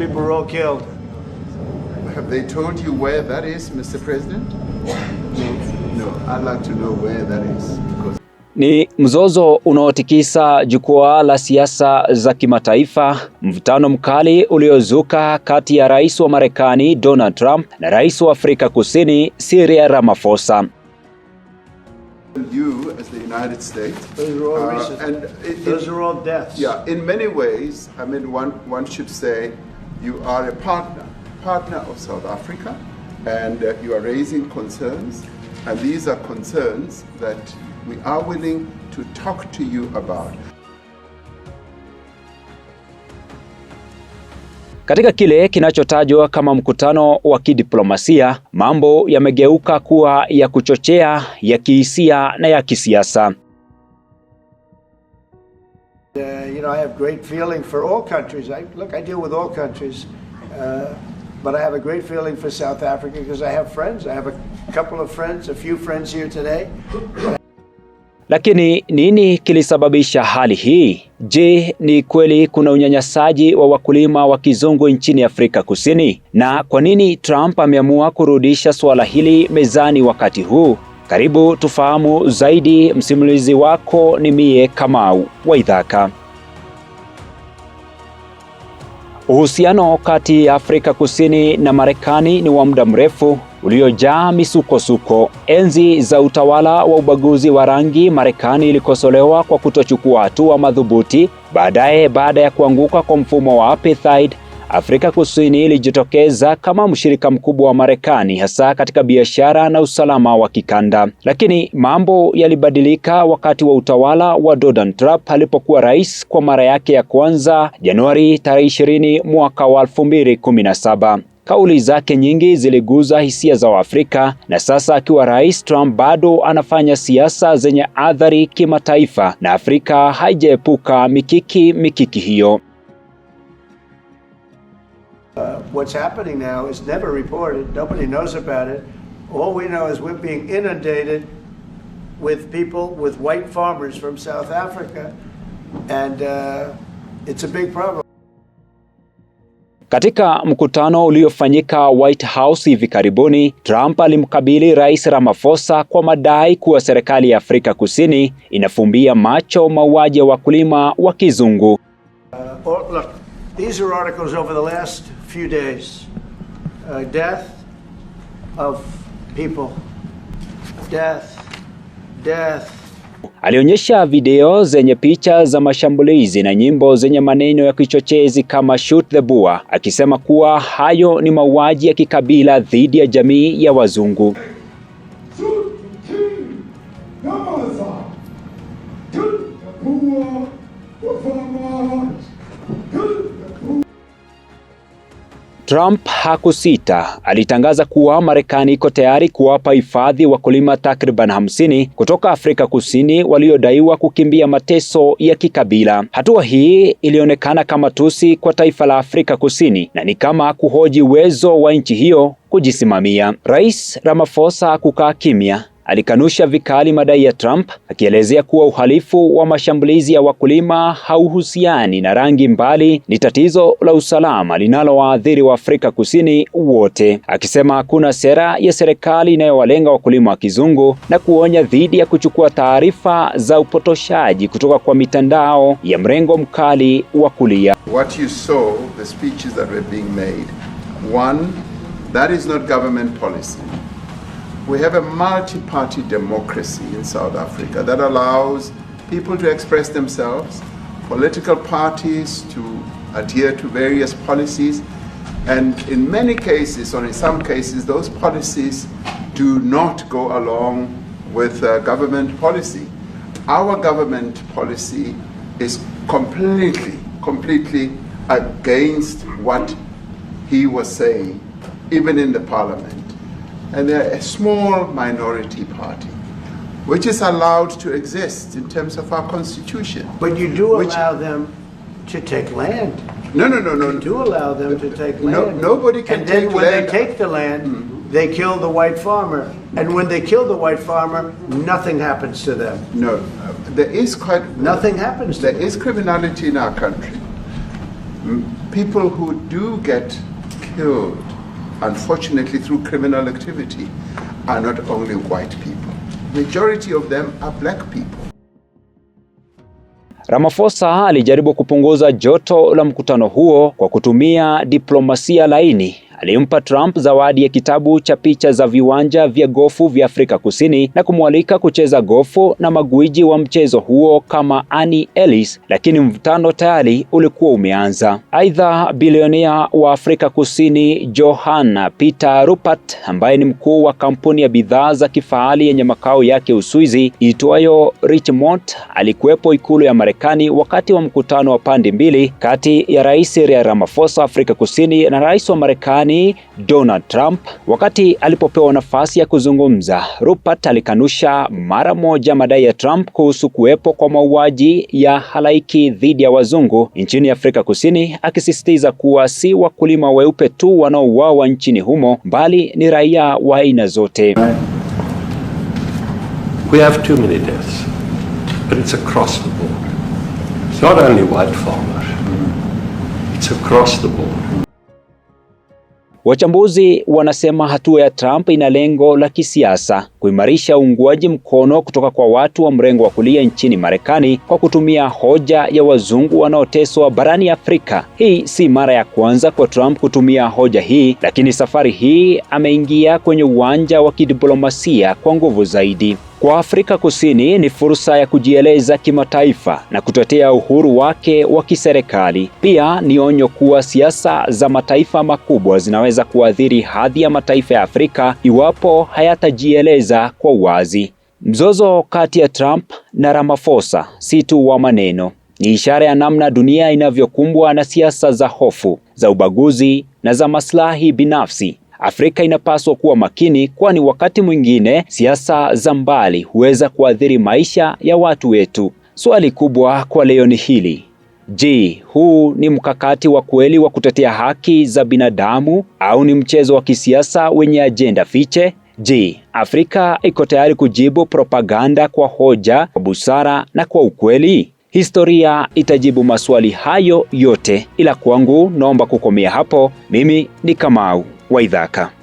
people were all killed. Have they told you where that is, Mr. President? No, no I'd like to know where that is. Ni mzozo unaotikisa jukwaa la siasa za kimataifa, mvutano mkali uliozuka kati ya Rais wa Marekani Donald Trump na Rais wa Afrika Kusini Cyril Ramaphosa. You as the United States. Those are all uh, and it, it, Those are all deaths. Yeah, in many ways, I mean one one should say you are a partner, partner of South Africa, and uh, you are raising concerns, and these are concerns that we are willing to talk to you about. Katika kile kinachotajwa kama mkutano wa kidiplomasia, mambo yamegeuka kuwa ya kuchochea, ya kihisia na ya kisiasa. Uh, you know, I have great feeling for all countries. I, look, I deal with all countries, uh, but I have a great feeling for South Africa because I have friends. I have a couple of friends, a few friends here today. Lakini nini kilisababisha hali hii? Je, ni kweli kuna unyanyasaji wa wakulima wa kizungu nchini Afrika Kusini? Na kwa nini Trump ameamua kurudisha suala hili mezani wakati huu? Karibu tufahamu zaidi. Msimulizi wako ni mie Kamau wa Ithaka. Uhusiano kati ya Afrika Kusini na Marekani ni wa muda mrefu uliojaa misukosuko. Enzi za utawala wa ubaguzi wa rangi, Marekani ilikosolewa kwa kutochukua hatua madhubuti. Baadaye, baada ya kuanguka kwa mfumo wa apartheid Afrika Kusini ilijitokeza kama mshirika mkubwa wa Marekani hasa katika biashara na usalama wa kikanda. Lakini mambo yalibadilika wakati wa utawala wa Donald Trump alipokuwa rais kwa mara yake ya kwanza Januari tarehe 20 mwaka wa 2017. Kauli zake nyingi ziliguza hisia za Waafrika na sasa akiwa rais, Trump bado anafanya siasa zenye athari kimataifa na Afrika haijaepuka mikiki mikiki hiyo what's happening now is never reported. Nobody knows about it. All we know is we're being inundated with people, with white farmers from South Africa, and uh, it's a big problem. Katika mkutano uliofanyika White House hivi karibuni, Trump alimkabili Rais Ramaphosa kwa madai kuwa serikali ya Afrika Kusini inafumbia macho mauaji ya wakulima wa kizungu. Uh, or, oh, look, these are articles over the last few days. Uh, death of people. Death. Death. Alionyesha video zenye picha za mashambulizi na nyimbo zenye maneno ya kichochezi kama shoot the Boer, akisema kuwa hayo ni mauaji ya kikabila dhidi ya jamii ya wazungu. Trump hakusita, alitangaza kuwa Marekani iko tayari kuwapa hifadhi wakulima takriban hamsini kutoka Afrika Kusini waliodaiwa kukimbia mateso ya kikabila. Hatua hii ilionekana kama tusi kwa taifa la Afrika Kusini na ni kama kuhoji uwezo wa nchi hiyo kujisimamia. Rais Ramaphosa kukaa kimya alikanusha vikali madai ya Trump akielezea kuwa uhalifu wa mashambulizi ya wakulima hauhusiani na rangi, mbali ni tatizo la usalama linalowaathiri afrika Kusini wote, akisema hakuna sera ya serikali inayowalenga wakulima wa kizungu na kuonya dhidi ya kuchukua taarifa za upotoshaji kutoka kwa mitandao ya mrengo mkali wa kulia. What you saw, the speeches that were being made. One, that is not government policy. We have a multi-party democracy in South Africa that allows people to express themselves, political parties to adhere to various policies, and in many cases, or in some cases, those policies do not go along with uh, government policy. Our government policy is completely, completely against what he was saying, even in the parliament and they're a small minority party, which is allowed to exist in terms of our constitution. But you do Which- allow them to take land. No, no, no, no. You do allow them to take land. No- nobody can And then when they take the land, mm-hmm. they kill the white farmer. And when they kill the white farmer, nothing happens to them. No, there is quite Nothing happens to There them. is criminality in our country. People who do get killed unfortunately through criminal activity, are not only white people. Majority of them are black people. Ramaphosa alijaribu kupunguza joto la mkutano huo kwa kutumia diplomasia laini alimpa Trump zawadi ya kitabu cha picha za viwanja vya gofu vya Afrika Kusini na kumwalika kucheza gofu na magwiji wa mchezo huo kama Annie Ellis, lakini mvutano tayari ulikuwa umeanza. Aidha, bilionea wa Afrika Kusini Johann Peter Rupert ambaye ni mkuu wa kampuni ya bidhaa za kifahari yenye makao yake Uswizi iitwayo Richemont alikuwepo ikulu ya Marekani wakati wa mkutano wa pande mbili kati ya Rais Cyril Ramaphosa Afrika Kusini na Rais wa Marekani Marekani Donald Trump wakati alipopewa nafasi ya kuzungumza, Rupert alikanusha mara moja madai ya Trump kuhusu kuwepo kwa mauaji ya halaiki dhidi ya wazungu nchini Afrika Kusini, akisisitiza kuwa si wakulima weupe tu wanaouawa nchini humo bali ni raia wa aina zote. We have too many deaths, but it's across the board. It's not only white farmers. It's across the board. Wachambuzi wanasema hatua ya Trump ina lengo la kisiasa, kuimarisha uunguaji mkono kutoka kwa watu wa mrengo wa kulia nchini Marekani kwa kutumia hoja ya wazungu wanaoteswa barani Afrika. Hii si mara ya kwanza kwa Trump kutumia hoja hii, lakini safari hii ameingia kwenye uwanja wa kidiplomasia kwa nguvu zaidi. Kwa Afrika Kusini ni fursa ya kujieleza kimataifa na kutetea uhuru wake wa kiserikali. Pia ni onyo kuwa siasa za mataifa makubwa zinaweza kuathiri hadhi ya mataifa ya Afrika iwapo hayatajieleza kwa wazi. Mzozo kati ya Trump na Ramaphosa si tu wa maneno, ni ishara ya namna dunia inavyokumbwa na siasa za hofu, za ubaguzi na za maslahi binafsi. Afrika inapaswa kuwa makini, kwani wakati mwingine siasa za mbali huweza kuathiri maisha ya watu wetu. Swali kubwa kwa leo ni hili: Je, huu ni mkakati wa kweli wa kutetea haki za binadamu au ni mchezo wa kisiasa wenye ajenda fiche? Je, Afrika iko tayari kujibu propaganda kwa hoja, kwa busara na kwa ukweli? Historia itajibu maswali hayo yote, ila kwangu naomba kukomea hapo. Mimi ni Kamau. Waidaka.